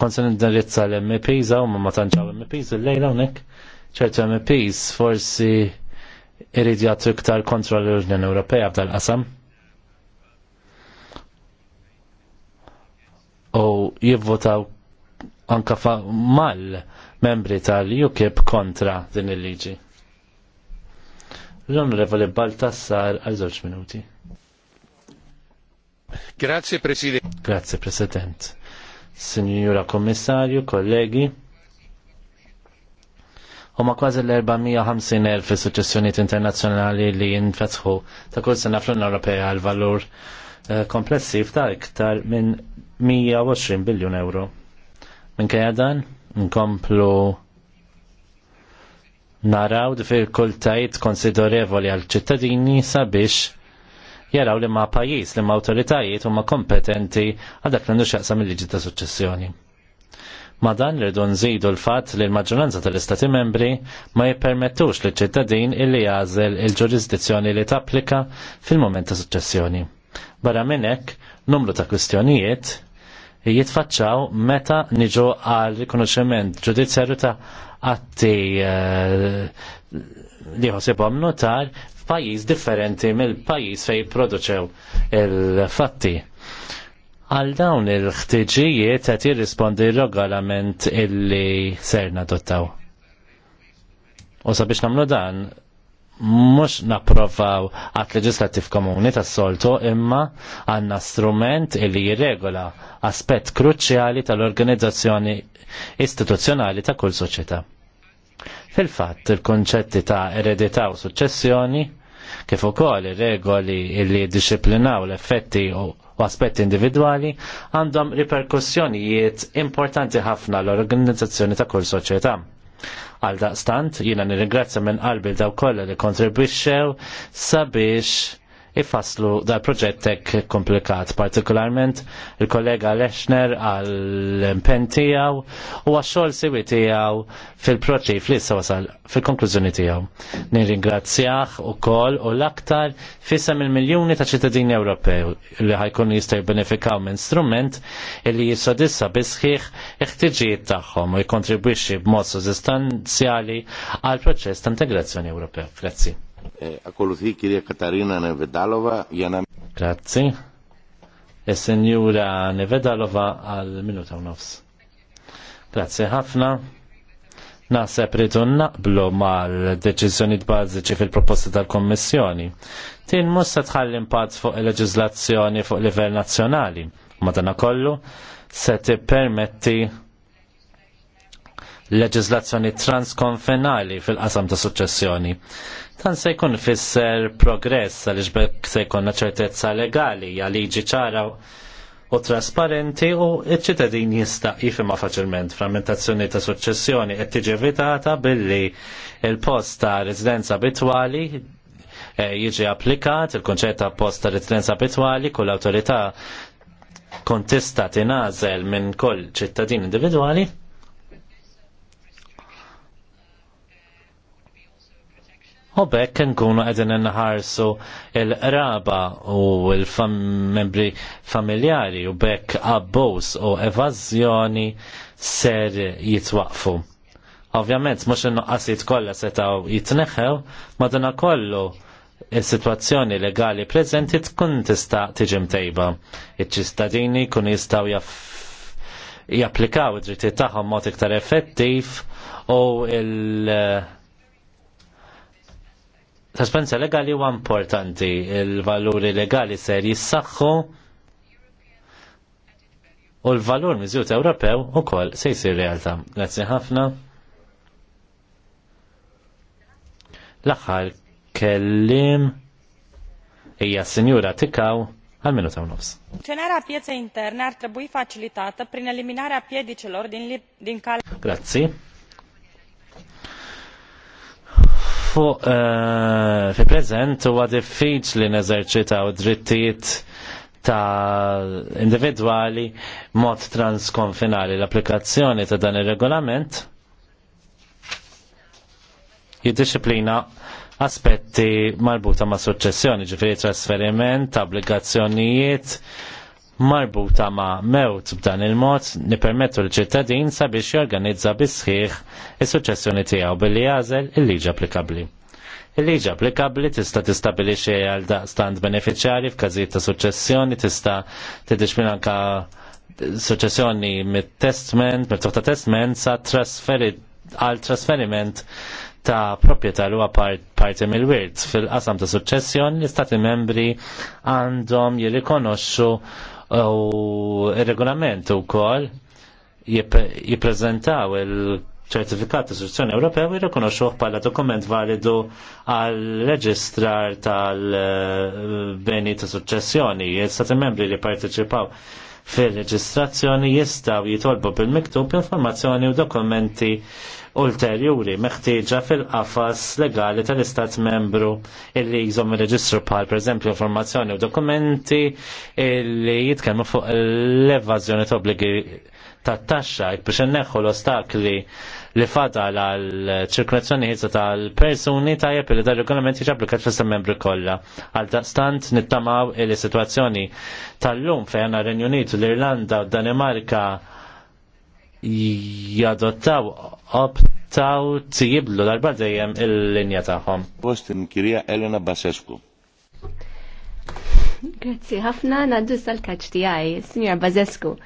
Speaker 5: konsen indirizza l-MPs, għaw ma matanċaw MPs, l-lejla unnek ċertu MPs forsi irrid jagħtu iktar kontra l-Unjoni Ewropea f'dal qasam. U jivvotaw anka mal membri tal-UKIP kontra din il-liġi. L-Onorevoli Baltassar għal żewġ minuti. Grazie Presidente. Grazie President. Sinjura Kommissarju, kollegi, Huma kważi l-450.000 fis-suċċessjonijiet internazzjonali li jinfetħu ta' kull sena fl Ewropea għal valur eh, komplessiv ta' iktar minn 120 biljun euro. Minn dan, nkomplu naraw diffikultajiet konsiderevoli għal ċittadini sabiex jaraw li ma pajis li ma autoritajiet huma kompetenti għal dak l xaqsam il-liġi ta' suċċessjoni. Ma dan rridu nżidu l-fatt li l-maġġoranza tal-Istati membri ma jippermettux li ċittadin illi jażel il-ġurisdizzjoni li tapplika fil-moment ta' suċċessjoni. Barra minn hekk, numru ta' kwistjonijiet jitfaċċaw meta niġu għal rikonoxximent ġudizzjarju ta' atti eh, li jħosibhom notar f'pajjiż differenti mill-pajjiż fejn jipproduċew il-fatti. Għal dawn il-ħtiġijiet qed jirrispondi r-regolament illi serna dottaw. U sabiex nagħmlu dan, mux napprovaw għat leġislattiv komuni tas soltu imma għanna strument illi jirregola aspett kruċjali tal-organizzazzjoni istituzzjonali ta' kull soċjetà. Fil-fatt, il-konċetti ta' eredità u successjoni, kif ukoll ir-regoli li disciplinaw l-effetti u aspetti individwali, għandhom riperkussjonijiet importanti ħafna l-organizzazzjoni ta' kull soċjetà. Għal daqstant, jina nirringrazzja minn qalbi daw kollha li kontribwixxew sabiex ifasslu dal proġettek komplikat, partikolarment il-kollega Lechner għal-impen tijaw u għaxol siwi tijaw fil-proċif li wasal fil-konklużjoni tijaw. Nirringrazzjaħ u kol u l-aktar fissa il-miljoni ta' ċittadini Ewropew li ħajkun jista' benefikaw minn strument illi jisodissa bisħiħ iħtiġijiet tagħhom u jkontribwixxi b'mod sostanzjali għal proċess ta' integrazzjoni Ewropew. Grazzi
Speaker 1: kirja Katarina Nevedalova
Speaker 5: jana. Grazzi. E senjura Nevedalova għal minuta u nofs. Grazzi ħafna. Naħseb rridu naqblu mal-deċiżjoni bażiċi fil-proposta tal-Kommissjoni. Tin mhux se tħalli impatt fuq il-leġiżlazzjoni fuq livell nazzjonali. Madanakollu se tippermetti leġiżlazzjoni transkonfenali fil-qasam ta' suċċessjoni. Dan se jkun fisser progress għaliex iġbek se jkun ċertezza legali għaliġi liġi ċara u trasparenti u iċ-ċittadin jista' jifhimha faċilment frammentazzjoni ta' suċċessjoni qed tiġi evitata billi il-post ta' residenza abitwali eh, jiġi applikat il-konċett ta' post ta' residenza abitwali kull awtorità kontista tinażel minn kull ċittadin individwali U bekk nkunu qegħdin inħarsu il-qraba u l-membri familjari u bekk abbuż u evażjoni ser jitwaqfu. Ovvjament, mhux in-nuqqasijiet kollha setgħu jitneħħew, madonna kollu il-situazzjoni legali prezenti tkun tista tiġi mtejba. Iċ-ċistadini kun jistaw japplikaw id-dritti tagħhom mod iktar effettiv u il- Trasparenza legali huwa importanti, il-valuri legali ser jissaxħu u l-valur miżjut Ewropew ukoll se jsir realtà. Grazzi ħafna. L-aħħar kellim hija Sinjura Tikaw għal minuta u nofs. Funzionarea pjeza interna ar trebui facilitată prin eliminarea piedicilor din, din kal. Grazzi. fuq eh, fi prezent huwa diffiċli neżerċitaw drittijiet ta' individwali mod transkonfinali l-applikazzjoni ta' dan ir-regolament jiddisciplina aspetti marbuta ma' suċċessjoni, ġifieri trasferiment, obbligazzjonijiet, marbuta ma' mewt b'dan il-mod nipermettu l-ċittadin sabiex jorganizza bisħiħ is-suċessjoni tiegħu billi jażel il-liġi applikabbli. Il-liġi applikabbli tista' tistabilixxi għal daqstant beneficjari f'każijiet ta' suċessjoni tista' minn anka suċessjoni mit-testment, mit-tuħta testment sa' trasferi għal trasferiment ta' proprjetà huwa parti mill-wirt fil-qasam ta' suċċessjoni l-istati membri għandhom jirrikonoxxu u il-regolament u kol jiprezentaw il-ċertifikat ta' istruzzjoni Ewropew u jirrikonoxuh bħala dokument validu għal reġistrar tal-beni ta' suċċessjoni. Il-stati membri li parteċipaw fil-reġistrazzjoni jistaw jitolbu bil-miktub informazzjoni u dokumenti ulterjuri meħtieġa fil-qafas legali tal-istat membru illi jżomm il-reġistru bħal pereżempju informazzjoni u dokumenti illi jitkellmu fuq l-evażjoni ta' obbligi tat-taxxa biex inneħħu l-ostakli li fada l ċirkulazzjoni ħizza tal-persuni tajjeb li dar regolament jiġi applikat fis membru kollha. Għal daqstant nittamaw il-sitwazzjoni tal-lum fejn għana Renju Unit, l-Irlanda, u Danimarka, jadottaw optaw out jiblu darba
Speaker 1: dejjem il-linja taħħom. Post kirija Elena Basescu.
Speaker 2: Grazie, ħafna naddu sal-kaċ tiegħi, Sinjor Bazescu.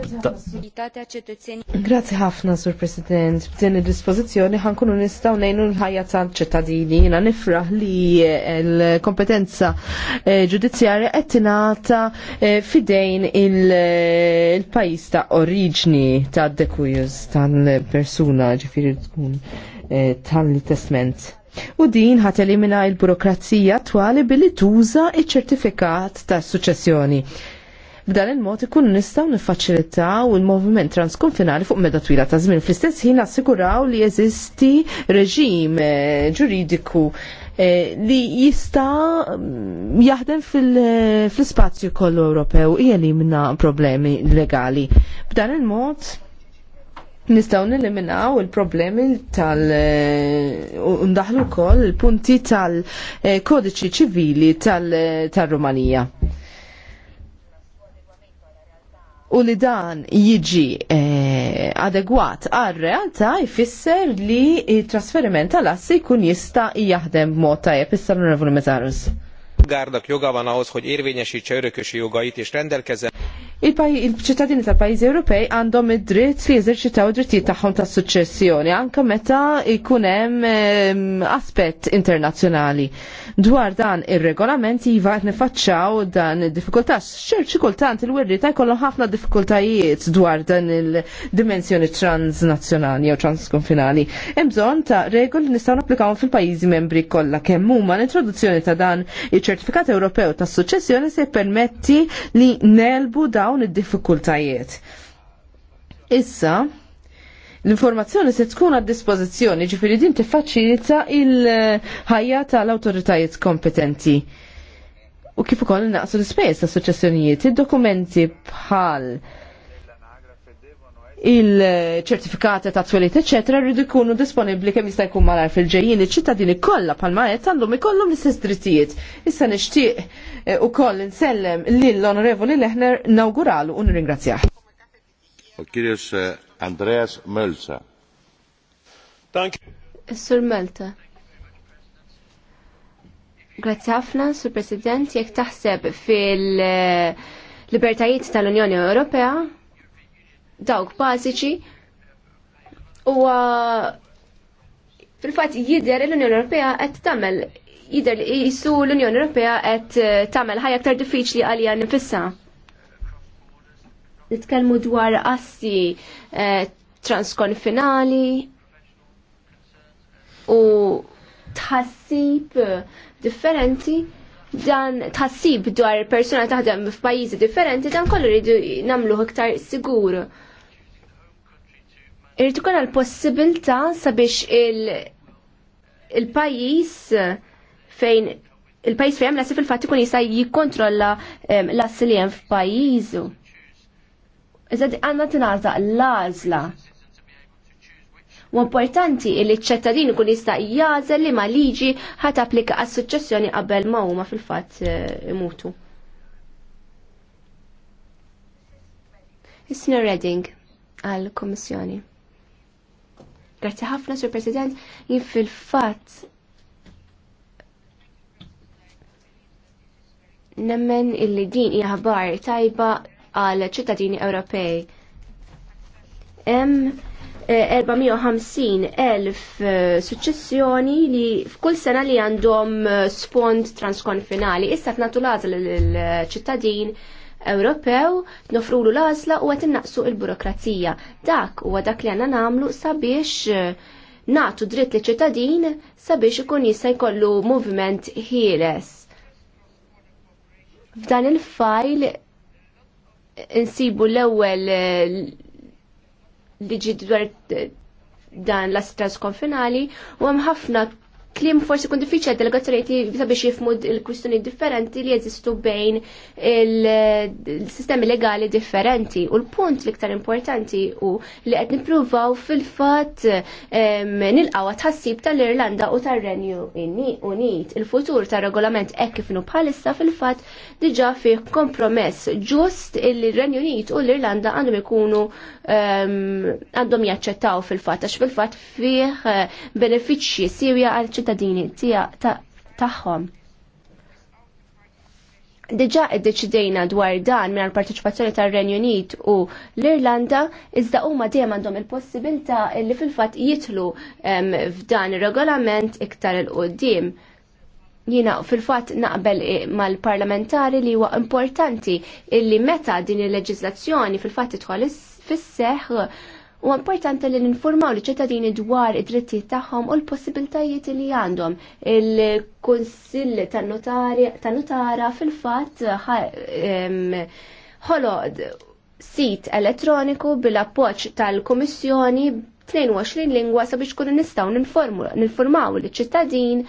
Speaker 2: Grazie
Speaker 3: ħafna, Sur President. B'din il-dispozizjoni ħankunu nistaw nejnu l-ħajja tal-ċittadini. Jina nifraħ li eh, l-kompetenza eh, ġudizzjarja qed tingħata eh, fidejn il-pajjiż ta' oriġni ta' dekujus tal-persuna ġifieri tkun tal-testment. U din ħat elimina l-burokrazija twali billi tuża iċ-ċertifikat ta' suċessjoni B'dan il-mod ikunu nistgħu niffaċilitaw il-moviment transkonfinali fuq meda twila ta' żmien. Fl-istess ħin assiguraw li jeżisti reġim eh, ġuridiku eh, li jista mm, jaħdem fil-spazju eh, kollu Ewropew jelimna problemi legali. B'dan il-mod nistaw neliminaw il-problemi tal undaħlu kol il-punti tal-kodiċi ċivili tal-Rumanija. Tal u li dan jiġi eh, adegwat għal realtà jfisser li il-trasferiment tal-assi kun jista' jaħdem b'mod tajjeb issa l-Onorevoli Mezzarus.
Speaker 4: Gardak joga van ahhoz, hogy érvényesítse örökösi jogait és rendelkezzen.
Speaker 3: Il-ċittadini tal-pajjiżi Ewropej għandhom id-dritt li jeżerċitaw id-drittijiet tagħhom tas-suċċessjoni anke meta jkun hemm ehm, aspett internazzjonali. Dwar dan ir-regolament iva qed nifaċċaw dan id-diffikultà. Xerċi kultant il-werri ta' jkollhom ħafna diffikultajiet dwar dan il-dimensjoni transnazzjonali jew transkonfinali. Hemm bżonn ta' regoli nistgħu napplikawhom fil-pajjiżi membri kollha kemm huma l-introduzzjoni ta' dan iċ-ċertifikat Ewropew tas-suċċessjoni se jippermetti li nelbu dawn dawn id-diffikultajiet. Issa, l-informazzjoni se tkun għad dispożizzjoni ġifiri din tiffaċilita il-ħajja tal-autoritajiet kompetenti. U kif ukoll naqsu l-ispejjeż ta' suċċessjonijiet, id-dokumenti bħal il-ċertifikati ta' twelit eċetera, rridu jkunu disponibbli kemm jista' jkun malar fil-ġejjin iċ-ċittadini kollha palma qed għandhom ikollhom l-istess drittijiet. Issa nixtieq eh, ukoll insellem lill onorevoli Lehner nawguralu u nirringrazzjah.
Speaker 1: Kirjus Andreas Mölza.
Speaker 3: Dank. Sur Melta.
Speaker 2: Grazzi ħafna, Sur President, jekk taħseb fil- eh, libertajiet tal-Unjoni Ewropea dawk bażiċi u fil fat jider l-Unjoni Ewropea qed tagħmel jidher li jisu l-Unjoni Ewropea qed eh, tagħmel ħajja aktar diffiċli għalija nifissa. Nitkellmu dwar assi eh, transkonfinali u tħassib differenti dan tħassib dwar persuna taħdem f'pajjiżi differenti dan kollu rridu nagħmluh iktar sigur. Irrid ikun għal possibilità sabiex il-pajjiż fejn il-pajjiż fejn nasib il-fatt ikun jista' jikkontrolla l-assi li hemm f'pajjiżu. Iżda għandna tingħataq l-għażla. U importanti li ċ kun ikun jista' jażel li ma liġi ħat applika għas-suċċessjoni qabel ma huma fil-fatt eh, imutu. Is-Sr. Redding għal komissjoni Grazzi ħafna, Sur President, jien fil-fatt nemmen illi din hija ħabar tajba għal ċittadini Ewropej. Hemm eh, 450.000 elf eh, suċċessjoni li f'kull sena li għandhom eh, spont transkonfinali. Issa t-natulaz l-ċittadin Ewropew nofrulu l-għazla u għet innaqsu il-burokrazija. Dak u dak li għanna namlu sabiex eh, natu dritt li ċittadin sabiex ikun jista' jkollu moviment ħieles. F'dan il-fajl eh, insibu l-ewwel eh, liġi dwar dan l-astra skonfinali u hemm ħafna klim forsi kun diffiċli delegazzjoniet sabiex jifmu il-kwistjoni differenti li jeżistu bejn il-sistemi legali differenti. U l-punt l-iktar importanti u li qed nippruvaw fil-fatt nilqawa tħassib tal-Irlanda u tar-Renju Unit. Il-futur tar-regolament hekk kif bħalissa fil-fatt diġà fih kompromess ġust il-Renju Unit u l-Irlanda għandhom ikunu għandhom jaċċettaw fil-fatt għax fil-fatt fih eh, benefiċċji siwja għal ċittadini tagħhom. Diġa iddeċidejna dwar dan minn għal parteċipazzjoni tar-Renju Unit u l-Irlanda, iżda huma dejjem għandhom il-possibilità li fil-fatt jitlu f'dan ir-regolament iktar il-qudiem jina fil fatt naqbel eh, mal-parlamentari li huwa importanti illi meta din il-leġislazzjoni fil fatt titħol fis seħħ U importanti li ninformaw li ċittadini dwar id-drittijiet tagħhom u l-possibiltajiet li għandhom. Il-Kunsill tan-Notara fil-fatt ħolod sit elettroniku bil-appoġġ tal-Kummissjoni 22 lingwa sabiex kunu nistgħu ninformaw liċ-ċittadin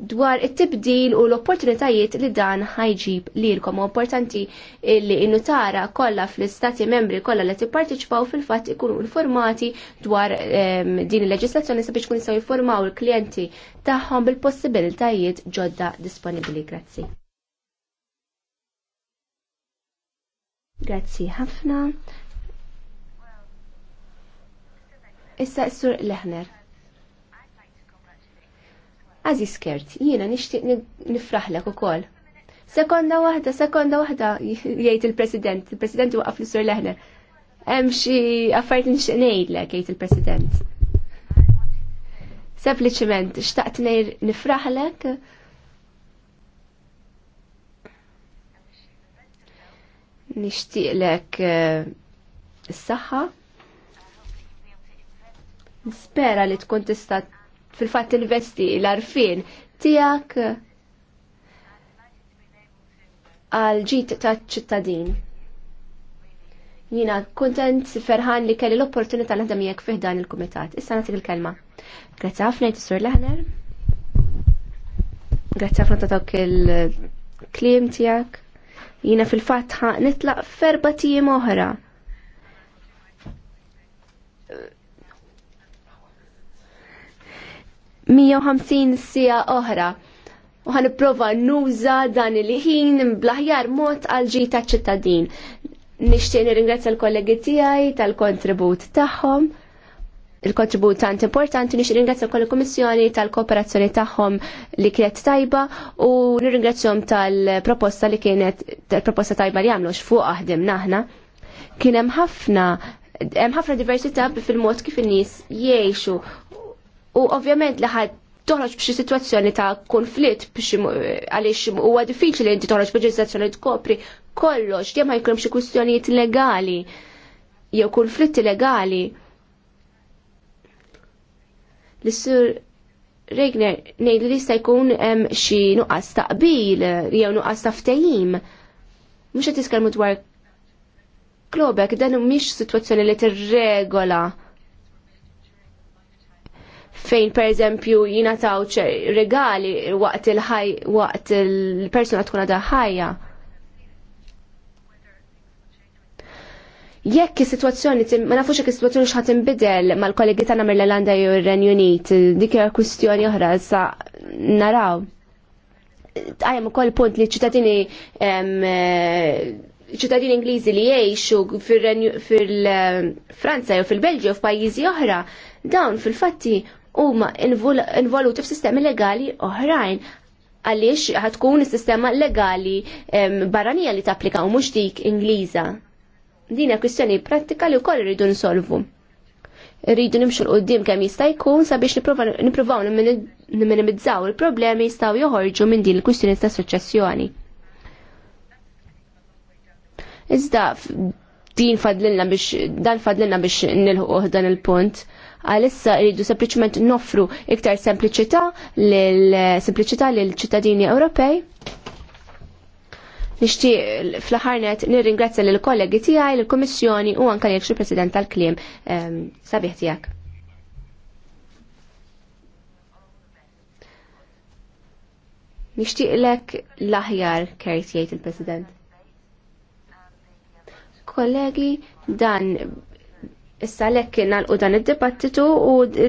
Speaker 2: dwar it-tibdil u l-opportunitajiet li dan ħajġib lilkom. U importanti li innutara kollha fl-istati membri kollha li tipparteċipaw fil-fatt ikunu informati dwar ehm, din il-leġislazzjoni sabiex kun jistgħu jiffurmaw il-klijenti tagħhom bil-possibilitajiet ġodda disponibbli. Grazzi. Grazzi ħafna. Issa s-sur Lehner. Aziz Kert, jiena nixtieq nifraħlek ukoll. Sekonda waħda, sekonda waħda, jgħid il-President, il-President waqaf li sur leħna. Hemm xi affarijiet nejdlek, ngħidlek jgħid il-President. Sempliċement xtaqt nejr nifraħlek. Nixtieqlek eh, s saħħa Nispera li tkun tista' fil-fat investi l-arfin tijak għal ġit ta' ċittadin. Jina kontent ferħan li kelli l-opportunità naħdem jekk fih dan il-kumitat. Issa nagħtik il-kelma. Grazzi ħafna jtissur Leħner. Grazzi ħafna ta' dawk il-klim tiegħek. Jina fil-fatt nitlaq ferba tiem oħra 150 sija oħra u ħan prova nuża dan il-ħin blaħjar mod għal ta' ċittadin. Nixtieq nirringrazzja l-kollegi tiegħi tal-kontribut tagħhom il-kontribut tant importanti nix ringrazzja kol kommissjoni tal-kooperazzjoni tagħhom li kienet tajba u nirringrazzjom tal-proposta li kienet tal-proposta tajba li għamlu x'fuq aħdem naħna. Kien hemm ħafna hemm ħafna diversità fil-mod kif in-nies jgħixu U ovvjament li ħad toħroġ b'xi sitwazzjoni ta' konflitt biex għaliex huwa diffiċli inti toħroġ b'leġiżlazzjoni tkopri kollox jew ma jkunx xi kwistjonijiet legali jew konflitti legali. L-sur Regner ngħid li jista' jkun hemm xi nuqqas ta' qbil jew nuqqas ta' ftehim. Mhux qed dwar klobek dan mhix sitwazzjoni li tirregola fejn per eżempju jina taw regali waqt il-ħaj waqt il-persuna tkun għadha ħajja. jekk is-sitwazzjoni ma nafux jekk is-sitwazzjoni x'ħat inbidel mal-kollegi tagħna mill-Irlanda jew ir-Renju Unit, dik hija kwistjoni oħra sa naraw. Għajem ukoll punt li ċittadini eh, ċittadini Ingliżi li jgħixu fil-Franza eh, jew fil-Belġju f'pajjiżi oħra, dawn fil-fatti huma involuti f'sistemi legali oħrajn għaliex ħatkun is-sistema legali barranija li tapplika u mhux dik Ingliża. Din hija kwistjoni prattika li wkoll iridu nsolvu. Rridu nimxu l-qoddim kemm jista' jkun sabiex nippruvaw nimminimizzaw il-problemi jistgħu joħorġu minn din il-kwistjoni ta' suċċessjoni. Iżda din fadlilna biex dan fadlilna biex nilħu dan il-punt għalissa rridu sempliċement noffru iktar sempliċità l-sempliċità l-ċittadini Ewropej. Nixtieq fl-ħarnet nirringrazzja lill kollegi tiegħi, lill-Kummissjoni u anke jekk xi President tal-kliem ehm, sabiħ tiegħek. Nishti l-aħjar kert jgħid il-President. Kollegi, dan Issa lekk nalqu dan id-dibattitu u